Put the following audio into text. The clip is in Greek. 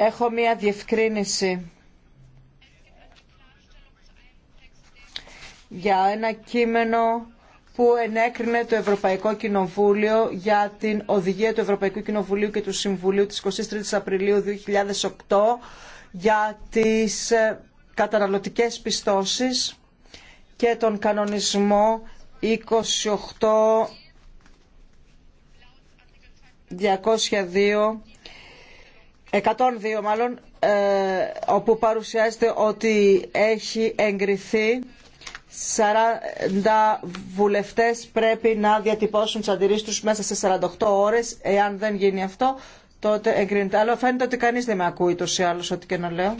Έχω μία διευκρίνηση για ένα κείμενο που ενέκρινε το Ευρωπαϊκό Κοινοβούλιο για την οδηγία του Ευρωπαϊκού Κοινοβουλίου και του Συμβουλίου της 23 Απριλίου 2008 για τις ε, καταναλωτικές πιστώσεις και τον κανονισμό 28 202 102 μάλλον, ε, όπου παρουσιάζεται ότι έχει εγκριθεί 40 βουλευτές πρέπει να διατυπώσουν τις αντιρρήσεις τους μέσα σε 48 ώρες. Εάν δεν γίνει αυτό, τότε εγκρίνεται. Αλλά φαίνεται ότι κανείς δεν με ακούει τόσο ή άλλως ό,τι και να λέω.